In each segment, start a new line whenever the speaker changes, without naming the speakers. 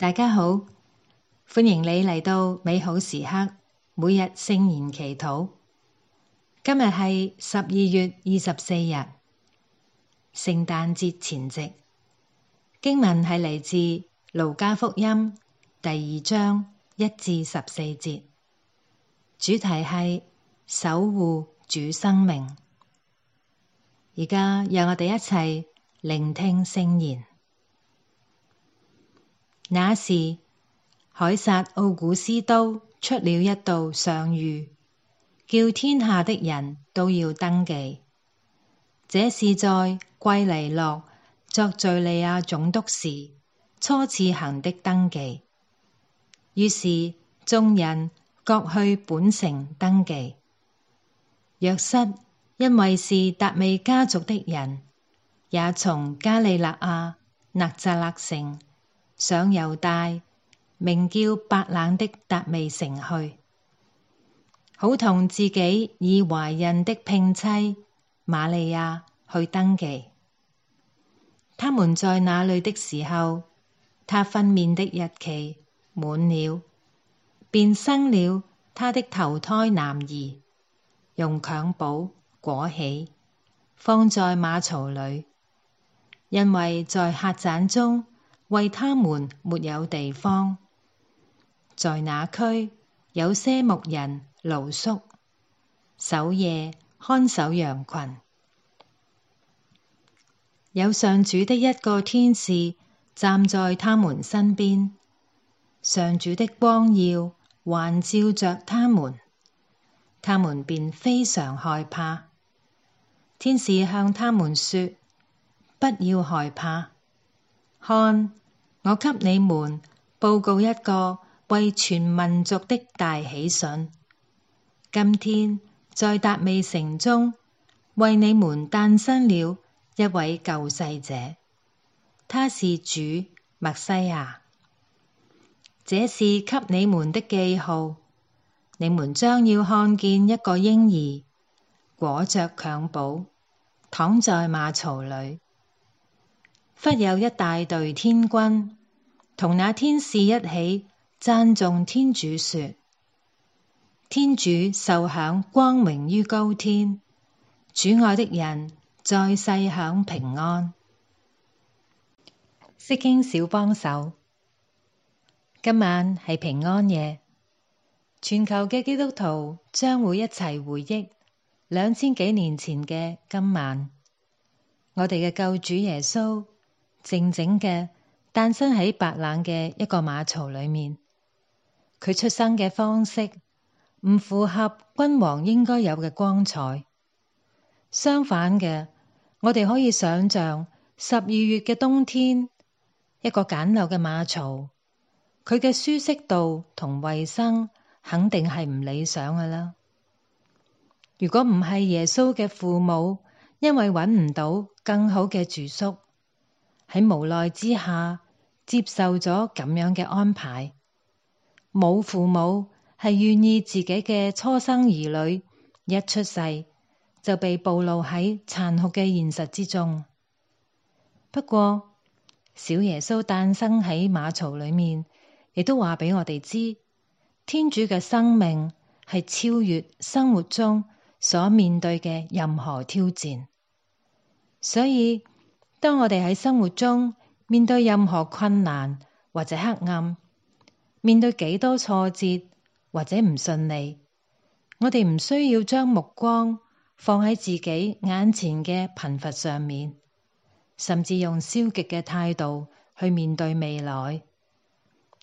大家好，歡迎你嚟到美好時刻，每日聖言祈禱。今日係十二月二十四日，聖誕節前夕。經文係嚟自《路加福音》第二章一至十四節，主題係守護主生命。而家讓我哋一齊聆聽聖言。那時，凱撒奧古斯都出了一道上諭，叫天下的人都要登記。這是在季黎諾作敘利亞總督時初次行的登記。於是，眾人各去本城登記。若瑟，因為是達味家族的人，也從加里肋亞納匝肋城。上猶大名叫白冷的達味城去，好同自己已懷孕的聘妻瑪利亞去登記。他們在那裏的時候，她分娩的日期滿了，便生了她的頭胎男兒，用襁褓裹起，放在馬槽裏，因為在客棧中。為他們沒有地方，在那區有些牧人露宿，守夜看守羊群。有上主的一個天使站在他們身邊，上主的光耀環照着他們，他們便非常害怕。天使向他們說：不要害怕。看，我給你們報告一個為全民族的大喜訊。今天在達味城中，為你們誕生了一位救世者。他是主，默西亞。這是給你們的記號，你們將要看見一個嬰兒裹着襁褓躺在馬槽裏。忽有一大隊天軍同那天使一起讚頌天主，說：天主受享光榮於高天，主愛的人在世享平安。釋經小幫手，今晚係平安夜，全球嘅基督徒將會一齊回憶兩千幾年前嘅今晚，我哋嘅救主耶穌。靜靜嘅誕生喺白冷嘅一個馬槽裏面，佢出生嘅方式唔符合君王應該有嘅光彩。相反嘅，我哋可以想象十二月嘅冬天，一個簡陋嘅馬槽，佢嘅舒適度同衛生肯定係唔理想㗎啦。如果唔係耶穌嘅父母，因為揾唔到更好嘅住宿。喺無奈之下接受咗咁樣嘅安排，冇父母係願意自己嘅初生兒女一出世就被暴露喺殘酷嘅現實之中。不過，小耶穌誕生喺馬槽裏面，亦都話俾我哋知，天主嘅生命係超越生活中所面對嘅任何挑戰，所以。當我哋喺生活中面對任何困難或者黑暗，面對幾多挫折或者唔順利，我哋唔需要將目光放喺自己眼前嘅貧乏上面，甚至用消極嘅態度去面對未來。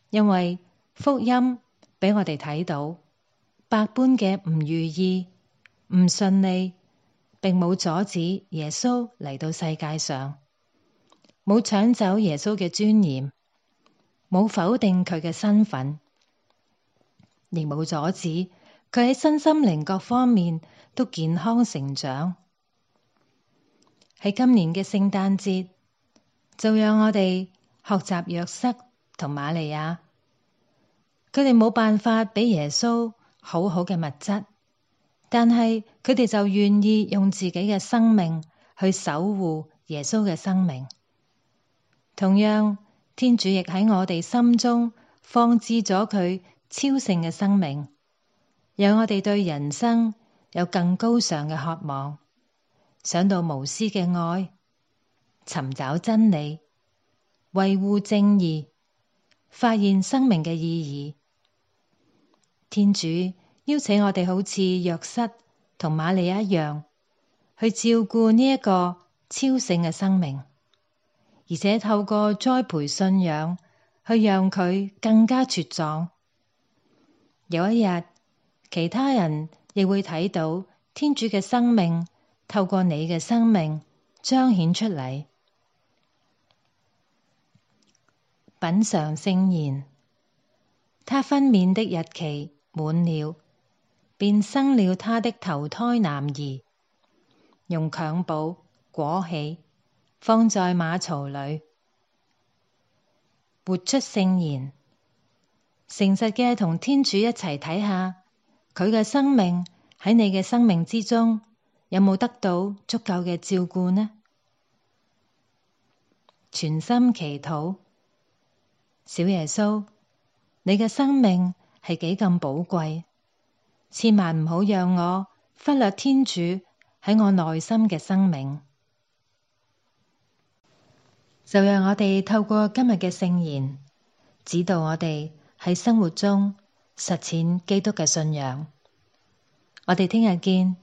因為福音俾我哋睇到，百般嘅唔如意、唔順利，並冇阻止耶穌嚟到世界上。冇搶走耶穌嘅尊嚴，冇否定佢嘅身份，亦冇阻止佢喺身心靈各方面都健康成長。喺今年嘅聖誕節，就讓我哋學習若瑟同瑪利亞。佢哋冇辦法畀耶穌好好嘅物質，但係佢哋就願意用自己嘅生命去守護耶穌嘅生命。同樣，天主亦喺我哋心中放置咗佢超性嘅生命，讓我哋對人生有更高尚嘅渴望，想到無私嘅愛，尋找真理，維護正義，發現生命嘅意義。天主邀請我哋好似若瑟同瑪利亞一樣，去照顧呢一個超性嘅生命。而且透過栽培信仰，去讓佢更加茁壯。有一日，其他人亦會睇到天主嘅生命透過你嘅生命彰顯出嚟。品嘗聖言，她分娩的日期滿了，便生了她的頭胎男兒，用襁褓裹起。放在馬槽裏，活出聖言，誠實嘅同天主一齊睇下，佢嘅生命喺你嘅生命之中有冇得到足夠嘅照顧呢？全心祈禱，小耶穌，你嘅生命係幾咁寶貴，千萬唔好讓我忽略天主喺我內心嘅生命。就讓我哋透過今日嘅聖言，指導我哋喺生活中實踐基督嘅信仰。我哋聽日見。